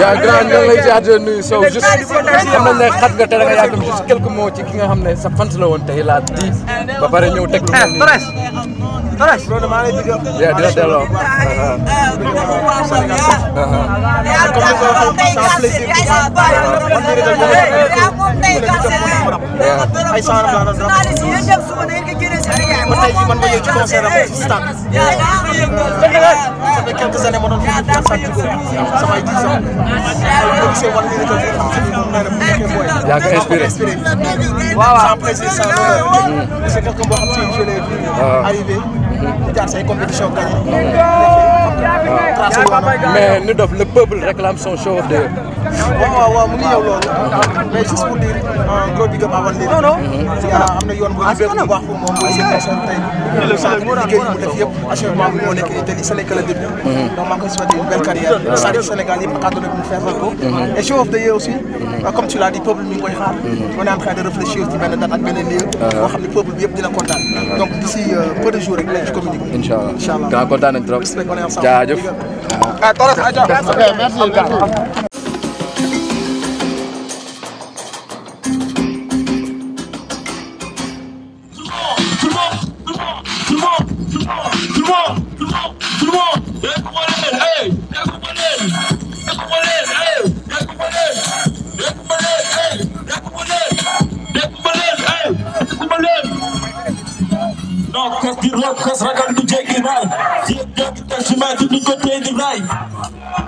yaa grand ñoo ngi lay ziar di nuyu Sow juste xam nañ ne xat nga te da nga yàggam juste quelques mots ci ki nga xam ne sa fans la woon tey laa di ba pare ñëw teg lu mel nii. Torres Torres. yaa dina delloo. Uh-huh. comme ni ko waxee sans plaisir. ay saanam laa doon rafetlu ba tey jii man ma ñëw ci concert am ci stade. ça fait quelques années ma doon fi ñu sant ko samay ji sax boo gisee wan lii rek a jóg yaa ngi inspiré waaw sans plaisir sans douleur c'est quelqu'un boo xam ne je l'ai vu arrivé jaar say compétition gagné mais ñu def le peuple réclame son show de waaw waaw mu ngi ñëw loolu mais juste pour dire gros bi gëm awan leen non non euh, am na yoon bu ñu bu ah, baax pour moom mooy seen personne tey liggéey yi mu def yëpp achèvement bi moo nekk Italie Sénégal la début mm-hmm. donc maa ngi koy souhaiter une belle carrière sarif mm-hmm. Sénégal yëpp akadone bu mu feesal ko et show of the year aussi mm-hmm. euh, comme tu l'as dit peuple mi ngi koy xaar on est en train de réfléchir ci benn date ak benn lieu ah. boo xam ne peuple bi yëpp dina kontaan ah. donc d'ici euh, peu de jours rek lañ ci communiquer inchallah inchallah kontaan nañ trop jaajëf eh, merci tas ragal du jéggi raay yéen ñoo ngi teg ci maître duñ ko téye di raay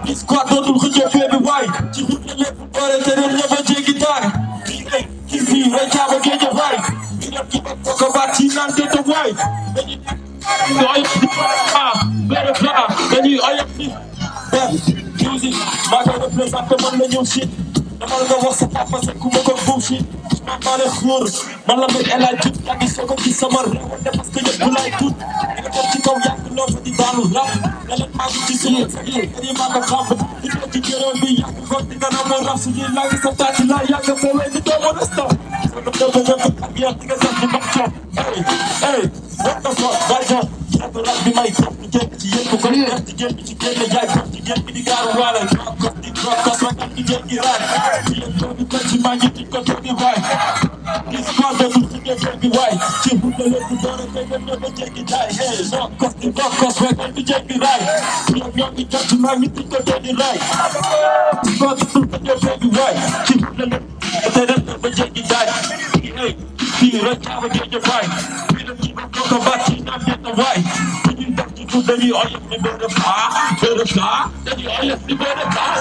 bis quoi dootul xëccoo fee bi waay ci xut na lépp doore te réew ñëpp a jéggi taar kii rek kii fii rek caaba géej a waay di def ci bopp ko baat ci naan te te waay dañuy oyof di ah bëre fa dañuy oyof di def musique maa koy représenté man la ñëw si damal nga wax sa papa sa ku ma ko buum si man maa leen xóor man la muy El Hadj Diouf yaa ngi soog a gis sama réew ne parce que ñëpp laay tuut di nga dem ci kaw yàgg lool fa di daanu rab ne leen maa ngi ci suñu dañuy maa nga xam di ko ci gërëm bi yàgg ko di nga na moo rab suñuy laa ngi sa taati laa yàgg moo lay di doomu resta sa nga doomu wëpp ak yar di nga sax di mag coob hey hey what the fuck barka xeetu rab bi may topp ci yëpp ko def ci génn ci génn jaay topp ci génn bi di gaaru waale idzie i raj Jednoni będzie manie, tylko drugi waj Nie składę, musi nie zrobi łaj Czy budę lepiej do rękę, nie będzie nie daj Hej, no, kosty, no, kosłe, nie będzie mi raj Jednoni będzie manie, tylko drugi raj Składę, musi nie zrobi łaj Czy budę lepiej do rękę, będzie nie daj Hej, i rozdziały, nie nie waj Wiele ci mam, to zobaczy na mnie to łaj du dañuy oyof di bëgg a baax bëgg a baax dañuy oyof di bëgg a baax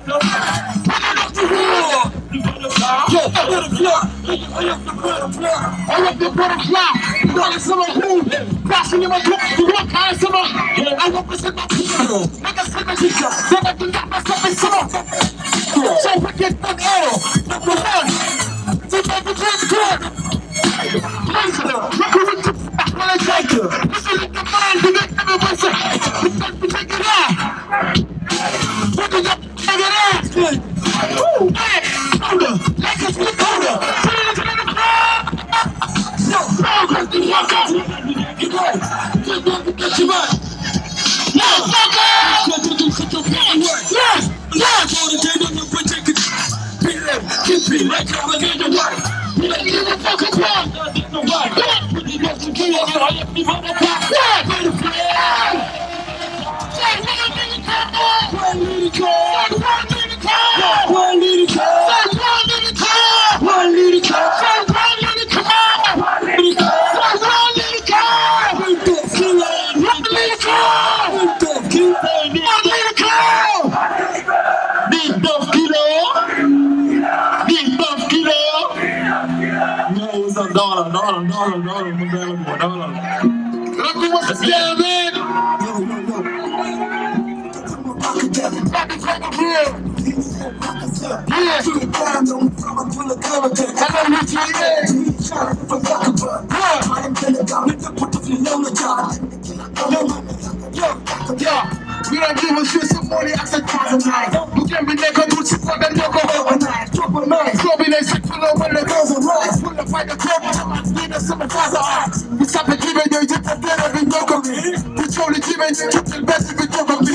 I got a block. I left the block. I left the block. Block is someone who passing in my block. You want kind of someone? I represent my people. Like a second teacher. Then I do not myself in someone. So we get that arrow. Number one. To make the dream good. Listen, look who we do. I'm going to take you. Listen, look at my One little cow. Rockefeller. Rockefeller, yeah. Yeah. To the diamond, from a pull of cover. Hello, Richie, yeah. Shine from Rockefeller. Yeah. I am gonna go. Nigga, put the flow on the job. Yo, yo, yo. We don't give a shit, some money at the thousand night. You can be nigga, do shit for the local overnight. Drop a night, club in a sick pillow when the girls arrive. Pull up by the club, we the summer cars are We stop it, give it, you just a bit of a local. We show the give it, you just the best if you bi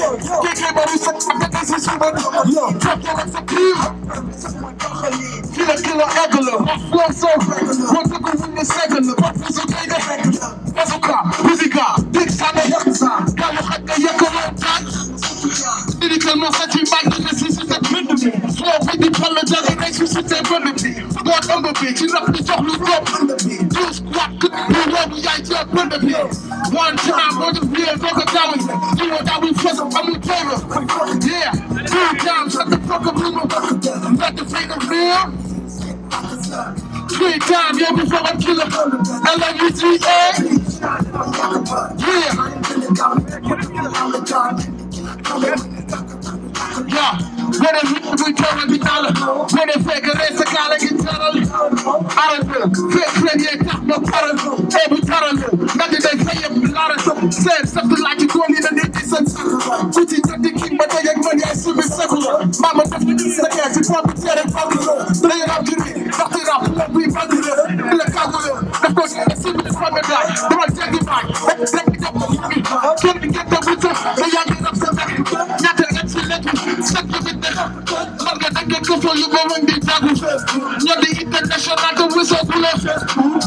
kii bari sax sa bëgg si suba yo tàggu rek sa kii kii la kii la egg la loo soo moo tëgg wuñ ne segg la su tey de bazuka musica dig sa ne yàq sa gaalu xaj nga yàq loo tànk spirituellement sa ci bàgg nga si si sa bënd bi soo ko di xol la jàng ngay si si sa bënd bi boot ëmb bi ci rab bi jox lu góob ëmb bi douze quat bu woobu yaay jël pënd bi one time boo def lii doo ko daawul di woo daawul fës amul foofu yeah two times shut the fuck up rumo let the fake of real three times yeah before I kill him LMUTA yeah yeah where the hell we going to be dollar where the fake race table taranta nothing they pay up laranta said something like you don't even need this and Gucci took the king but they ain't money I see me secular mama left the kids like that she probably said it popular play it up to me nothing I pull up we popular in the calculator that's what she see me from the guy they want to take it back take it up can't we get the winter they young and up to back nothing that's a legend stuck you with the Marga da ke kofo yu go wandi jagu Nyadi international to whistle to left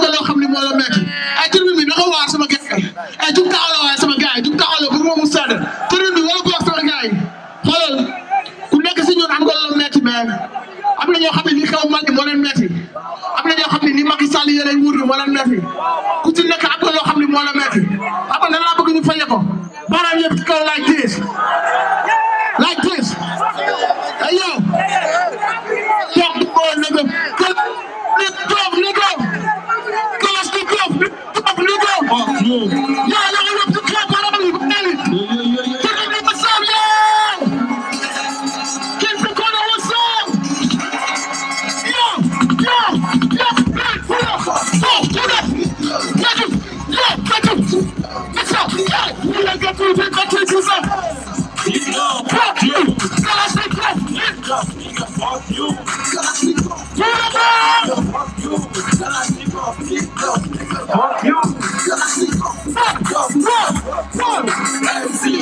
nga loo xam ne moo la metti ay eh, tribune bi naka waar sama gars yi ay eh, jug taxaw la waay sama gars yi jug taxaw la bu ma Moussa Deme tribune bi wala boog sama gars yi xoolal ku nekk si ñun am nga loo metti mais am na ñoo xam ne li xew Mali moo leen metti am na ñoo xam ne li Macky Sall yore nguur gi moo leen metti ku ci nekk am nga loo xam ne moo la metti xam nga lan laa bëgg ñu fayee ko baaraam yëpp ci kaw laaj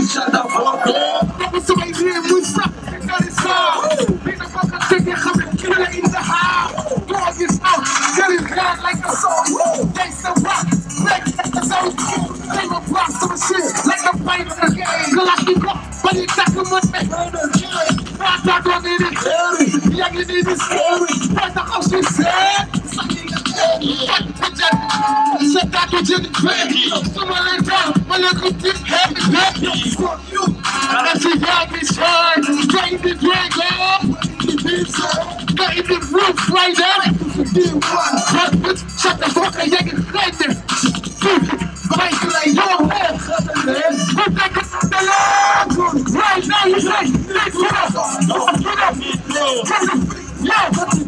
Shut the fuck up! to just grab you. Someone like that, my little dick had to grab you. Fuck you. That's a young bitch hard. Straight the drag off. Got in the roof right at it. Fuck bitch, shut the fuck up, you can like this. Bike like your head. Put that the leg. Right now, you say, next one. Put up. Yo.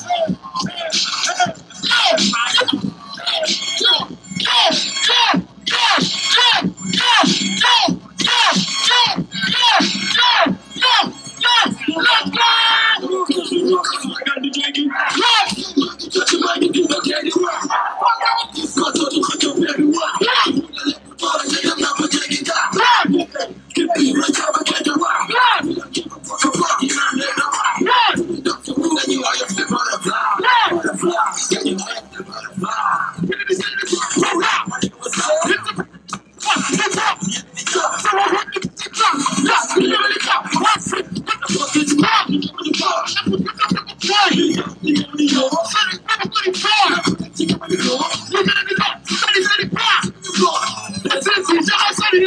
Thank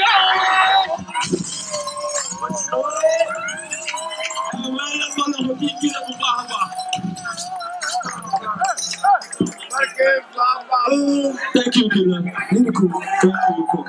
you, Kina. Thank you.